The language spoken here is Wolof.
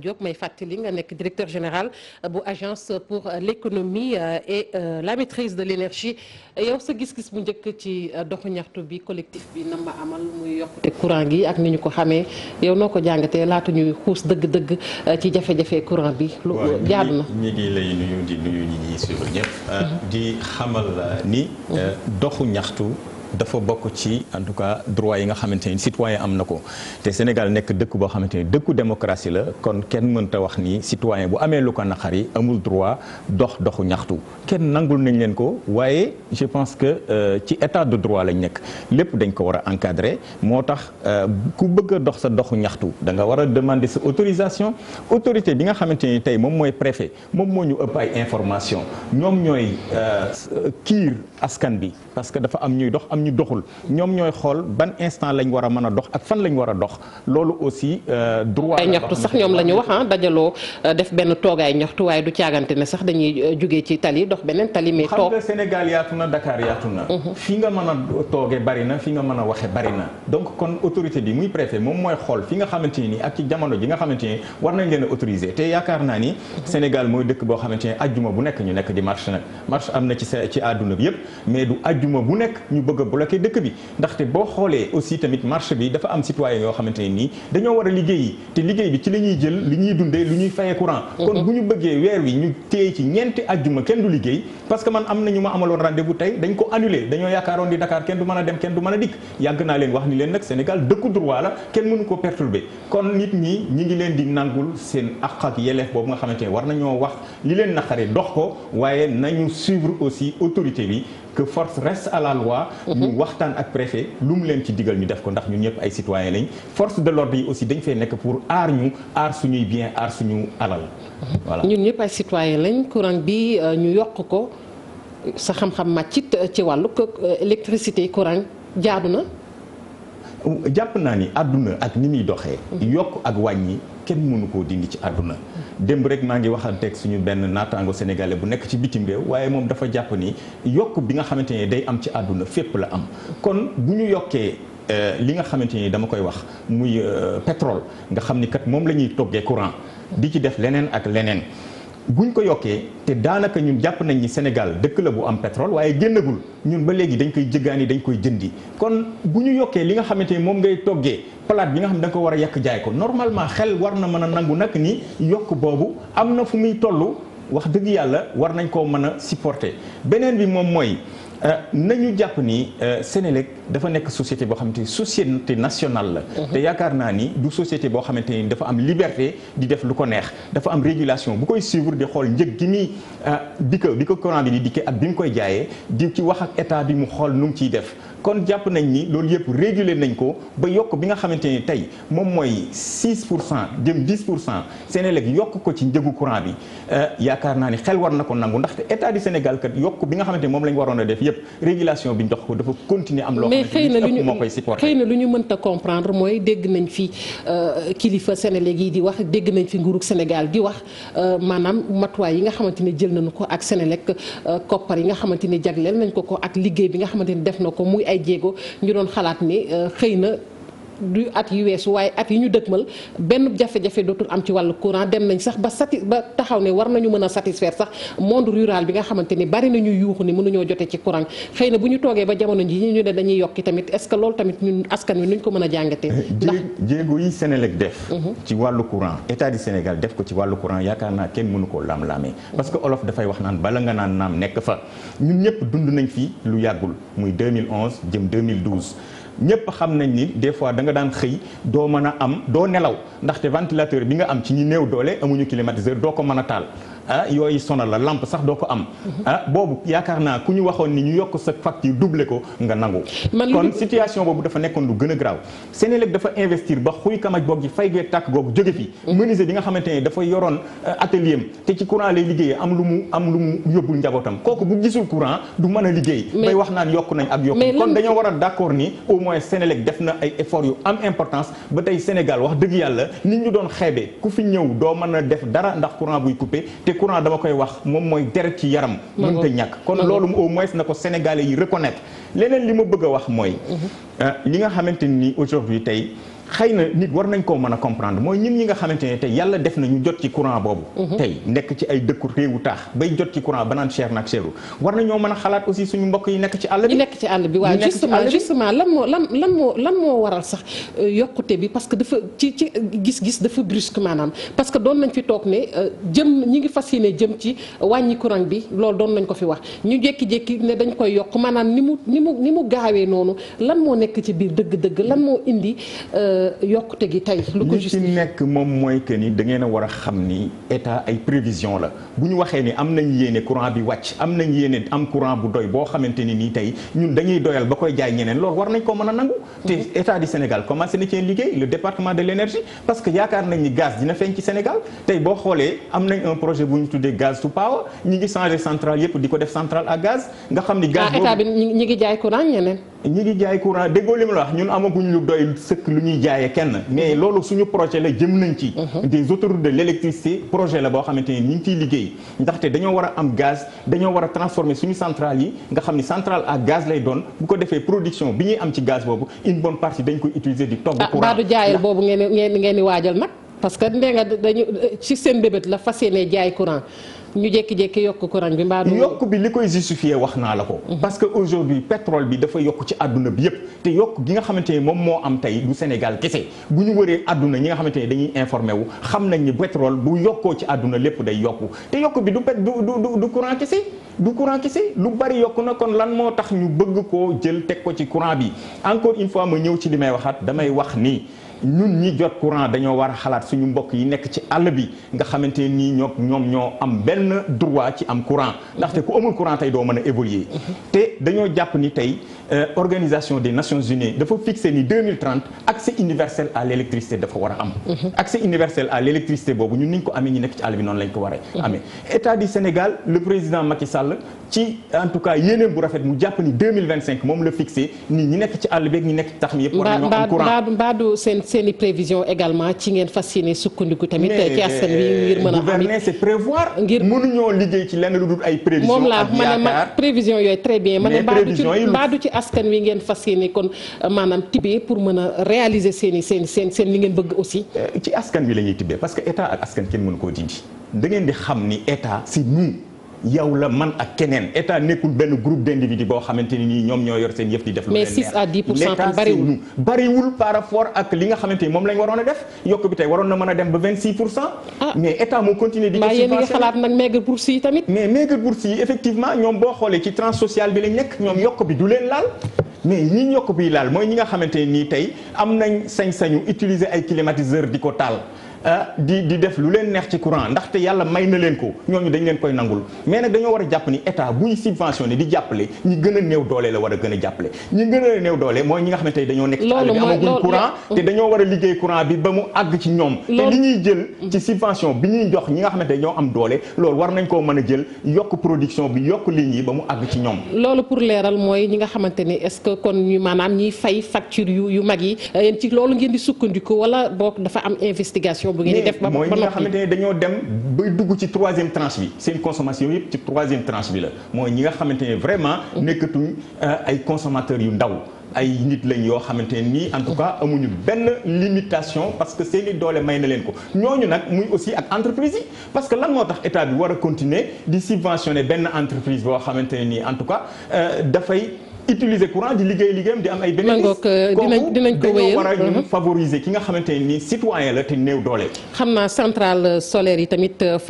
Diop may fàttali nga nekk directeur général bu agence pour l'économie euh, et euh, la maîtrise de l'énergie yow sa gis-gis bu njëkk ci euh, doxu ñaxtu bi collectif bi na ma amal muy yokkute courant gi ak ni ñu ko xamee yow noo ko jàngatee laatu ñuy xuus dëgg-dëgg ci jafe-jafe courant bi. lu jaadu na ñi ngi lay di xamal ni mm-hmm. doxu ñaxtu. dafa bokk ci en tout cas droit yi nga xamante ni citoyen am na ko te Sénégal nekk dëkk boo xamante ni dëkku démocratie la kon kenn mënta wax ni citoyen bu amee lu ko naqari amul droit dox doxu ñaxtu kenn nangul nañ leen ko waaye je pense que euh, ci état de droit lañ nekk lépp dañ ko war a encadrer moo tax euh, ku bëgg a dox sa doxu ñaxtu danga nga war a demander sa autorisation autorité bi nga xamante ni tey moom mooy préfet moom moo ñu ëpp ay information ñoom ñooy euh, kiir askan ñun ñu ñooy xool ban instant lañ war a mën a dox ak fan war a dox loolu aussi euh, droit ay ñaxtu sax ñoom la ñu wax ah dajaloo euh, def benn toogaay ñaxtu waaye du caagante ne sax dañuy euh, jógee ci tali dox beneen tali mais toog xam nga Sénégal yaatu na Dakar yaatu na mhm. fi nga mën a toogee bari na fi nga mën a waxe bari na donc kon autorité bi muy préfet moom mooy xool fi nga xamante ni ak ci jamono ji nga xamante ni war nañ leen a autoriser te yaakaar naa ni mhm. Sénégal mooy dëkk boo xamante ni ajjuma bu nekk ñu nekk di marche nag marche am na ci ci àdduna bi yëpp mais du ajjuma bu nekk ñu bëgg bloqué dëkk bi ndaxte boo xoolee aussi tamit marche bi dafa am citoyen yoo xamante ne nii dañoo war a liggéey te liggéey bi ci la ñuy jël li ñuy dundee lu ñuy fayee courant mhm. kon bu ñu bëggee weer wi ñu téye ci ñeenti ajjuma kenn du liggéey parce que man am na ñu ma amaloon rendez-vous tey dañ ko annulé dañoo yaakaaroon di Dakar kenn du mën a dem kenn du mën a dikk yàgg naa leen wax ni leen nag Sénégal dëkku droit la kenn mënu ko perturbé kon nit ñi ñi ngi leen di nangul seen àq ak yeleef boobu nga xamante ne war nañoo wax li leen naqare dox ko waaye nañu suivre aussi autorité bi que force reste à la loi. Mhm. ñu waxtaan ak préfet lu mu leen ci digal ñu def ko ndax ñun ñëpp ay citoyen lañ force de l'ordre yi aussi dañ fay nekk pour aar ñu aar suñuy bien aar suñu alal. voilà ñun ñëpp ay citoyen lañ courant bi euh, ñu yokk ko sa xam-xam màccit euh, ci wàllu euh, électricité courant jaadu na. jàpp naa ni àdduna ak ni muy doxee. Mhm. yokk ak wàññi. kenn mënu koo dindi ci àdduna démb rek maa ngi waxanteeg suñu benn naataango sénégalais bu nekk ci bitim réew waaye moom dafa jàpp ni yokk bi nga xamante ne day am ci àdduna fépp la am kon bu ñu yokkee euh, li nga xamante ni dama koy wax muy euh, pétrole nga xam ni kat moom la ñuy toggee courant di ci def leneen ak leneen buñ ko yokkee te daanaka ñun jàpp nañ ni Sénégal dëkk la bu am pétrole waaye génnagul ñun ba léegi dañ koy jëggaani dañ koy jëndi kon bu ñu yokkee li nga xamante ni moom ngay toggee palaat bi nga xam ne da ko war a yàq jaay ko normalement xel war na mën a nangu nag ni yokk boobu am na fu muy toll wax dëgg yàlla war nañ koo mën a supporter beneen bi moom mooy euh, nañu jàpp ni euh, Sénélec dafa nekk société boo xamante ni société nationale la. te yaakaar naa ni du société boo xamante ni dafa am liberté di def lu ko neex dafa am régulation bu koy suivre di xool njëg gi mi ah, di ko di ko courant bi di dikkee ak bi mu koy jaayee di ci wax ak état bi mu xool nu mu ciy def. kon jàpp nañ ni loolu yëpp réguler nañ ko ba yokk bi nga xamante ni tey moom mooy 6 pour cent jëm 10 pour cent Senelec yokk ko ci njëgu courant bi euh, yaakaar naa ni xel na ko nangu ndaxte état du Sénégal kat yokk bi nga xamante ni moom lañ waroon a def yëpp régulation bi ñu jox ko dafa continuer mais xëy na lu ñu xëy na lu ñu mënta comprendre mooy dégg nañ fi euh, kilifa Sénégal yi di wax dégg nañ fi nguurug Sénégal di wax euh, maanaam matuwaay yi nga xamante ne jël nañu ko ak Sénégal euh, koppar yi nga xamante ne jagleel nañ ko ko ak liggéey bi nga xamante ne def na ko muy ay jéego ñu doon xalaat ni xëy na du at yu weesu waaye at yi ñu dëgmal benn jafe-jafe dootul am ci wàllu courant dem nañ sax ba sati ba taxaw ne war nañu mën a satisfaire sax monde rural bi nga xamante ni bari nañu yuuxu ni mënuñoo jote ci courant xëy na bu ñu toogee ba jamono ji ñu ne dañuy yokki tamit est-ce que loolu tamit ñun askan wi nuñ ko mën a jàngatee. Eh, ndax jéego yi Sénélec def. Mhm. ci wàllu courant état du Sénégal def ko ci wàllu courant yaakaar naa kenn mënu koo lam-lamee. Mhm. parce que olof dafay wax naan bala nga naan nekk fa ñun ñëpp dund nañ fi lu yàggul muy 2011 jëm 2012. ñëpp xam nañ ni des fois da nga daan xëy doo mën a am doo nelaw ndaxte ventilateur bi nga am ci ñi néew doole amuñu climatiseur doo ko mën a taal ah, yooyu sonal la lampe sax doo ko am. Mhm. ah boobu yaakaar naa ku ñu waxoon ni ñu yokk sa facture doublé ko nga nangu. kon situation boobu dafa nekkoon lu gën a graaw. Sénélec dafa investir ba xuy kamaj boog ji fay gee tàkk googu jóge fi. Mhm. menuisier bi nga xamante ne dafa yoroon euh, atelier te ci courant lay liggéeyee am lu mu am lu mu yóbbul njabootam kooku bu gisul courant du mën a liggéey. bay wax naan yokk nañ ak yokk kon a d'accord ni moins Sénélec def na ay efforts yu am importance ba tey Sénégal wax dëgg yàlla nit ñu doon xeebee ku fi ñëw doo mën a def dara ndax courant buy coupé te courant dama koy wax moom mooy deret ci yaram mënta ñàkk kon loolu au moins na ko sénégalais yi reconnaître leneen li ma bëgg wax mooy mhm. euh, li nga xamante ni aujourd'hui tey xëy na nit war nañ koo mën a comprendre mooy ñun ñi nga xamante ne tey yàlla def na ñu jot ci courant boobu. Mhm. tey nekk ci ay dëkku réewu taax bay jot ci courant ba naan cher nag seeru war nañoo mën a xalaat aussi suñu mbokk yi nekk ci àll bi. ñu nekk ci àll bi waaw justement justement lan moo lan lan moo lan moo waral sax euh, yokkute bi parce que dafa ci ci gis-gis dafa brusque maanaam parce que doon nañ fi toog ne euh, jëm ñi ngi fas yéene jëm ci wàññi courant bi loolu doon nañ ko fi wax ñu jékki-jékki ne dañ koy yokk maanaam ni mu ni mu ni mu gaawee noonu lan moo nekk ci biir dëgg-dëgg lan moo indi euh, Euh, yokkute gi tey. lu ko justifié nekk moom mooy que ni da ngeen a war a xam ni état ay prévision la bu ñu waxee ni am nañ yéene courant bi wàcc am nañ yéene am courant bu doy boo xamante ni nii tey ñun dañuy doyal ba koy jaay ñeneen loolu war nañ ko mën a nangu. te mhm. état du Sénégal commencé na cee liggéey le département de l' énergie parce que yaakaar nañ ni gaz dina feeñ ci Sénégal tey boo xoolee am nañ un projet bu ñu tuddee gaz to power ñi ngi changé centrale yëpp di ko def centrale à jaaye kenn mais mhm. loolu suñu projet la jëm nañ ci mhm. des autoroutes la boo xamante ni ñu ngi liggéey ndaxte dañoo war a am gaz dañoo war a transformer suñu centrale yi nga xam ni centrale à gaz lay doon bu ko defee production bi ñuy am ci gaz boobu une bonne partie dañ koy utiliser di togg ah, courant baadu jaayal boobu ngeen ngeen ngeen di waajal nag parce que nee dañu ci seen bébét la fas yéene jaay courant ñu jékki-jékki yokk courant bi mbaa yokk bi li koy justifier wax naa la ko. Mhm. parce que aujourd'hui pétrole bi dafa yokk ci àdduna bi yëpp. te yokk gi xamante ni moom moo am tey du Sénégal kese bu ñu wëree àdduna ñi nga xamante ni dañuy informé wu xam nañ ni pétrole bu yokkoo ci àdduna lépp day yokku te yokk bi du pet du du du courant kese. du courant kese lu bari yokk na kon lan moo tax ñu bëgg ko jël teg ko ci courant bi encore une fois ma ñëw ci li may waxaat damay wax nii. ñun ñi jot courant dañoo war a xalaat suñu mbokk yi nekk ci àll bi nga xamante nii ñoo ñoom ñoo am benn droit ci am courant ndaxte ku amul courant tey doo mën a évoluer te dañoo jàpp ni tey euh, organisation des nations unies dafa fixé ni 2030 accès universel à l' électricité dafa war a am accès universel à l' boobu ñun niñ ko amee ñi nekk ci àll bi noonu lañ ko waree amee état du Sénégal le président Macky Sall ci en tout cas yéeneen bu rafet mu jàpp ni 2025 moom la fixé ni ñi nekk ci àll beeg ñi nekk ci tax mi yëpp. war nañoo am courant prévision également ci ngeen fas yéene sukkandiku tamit. ci askan wi ngir mën a. ci lenn lu dul ay. prévision moom laa ma yooyu très bien. ma ne mbaadu ci mbaadu ci askan wi ngeen fas yéene kon euh, maanaam tibbee pour mën a réaliser seen seen seen seen li ngeen bëgg aussi. Euh, ci askan wi la ñuy tibbee parce que état ak askan kenn mënu koo dindi da ngeen di xam ni état c'est nous yow la man a keneen état nekkul benn groupe d' individu boo xamante ne nii ñoom ñoo yor seen yëf di def. lu leen neex mais bariwul par rapport ak li nga xamante ni moom lañ waroon a def yokk bi tey waroon na mën a dem ba 26 pour cent. Ah. mais état moo continuer di. mbaa yéen a ngi xalaat nag maigre bourse yi tamit. mais maigre bourse yi effectivement ñoom boo xoolee ci tranche sociale bi lañ nekk ñoom yokk bi du leen laal. mais ñi ñu yokk bi laal mooy ñi nga xamante ne nii tey am nañ sañ-sañu utiliser ay climatiseur di ko taal. Ah, di di def lu leen neex ci courant te yàlla may na leen ko ñooñu dañ leen koy nangul mais nag dañoo war a jàpp ni état buy subventionné di jàppale ñi gën a néew doole la war a gën a jàppale ñi gën a néew doole mooy ñi nga xam ne tey dañoo nekk ci war a liggéey courant bi ba mu àgg ci ñoom te li ñuy jël mm-hmm. ci bi ñuy jox ñi nga xamante ñoo am doole loolu war nañ koo mën a jël yokk production bi yokk ligne yi ba mu àgg ci ñoom loolu pour leeral mooy ñi nga xamante ni est-ce que kon ñu maanaam ñiy fay facture yu yu mag yi euh, yéen ci loolu ngeen di sukkandiku wala boog dafa am consommation bu ngeen di def. ba mooy ñi nga xamante ne dañoo dem ba dugg ci troisième tranche bi seen consommation yëpp ci troisième tranche bi la mooy ñi nga xamante ne vraiment. nekkatuñ euh, ay consommateurs yu ndaw. ay nit lañ yoo xamante ne nii en tout cas amuñu benn limitation parce que seen seeni doole may na leen ko ñooñu nag muy aussi ak entreprise yi parce que lan moo tax état bi war a continuer di subventionner benn entreprise boo xamante ne nii en tout cas euh, dafay. utiliser courant di liggéey liggéeyam di am ay bénéfice euh, kooku dañoo war a ñu mhm. favoriser ki nga xamante ni citoyen la te néew doole. xam naa centrale solaire yi tamit. Euh,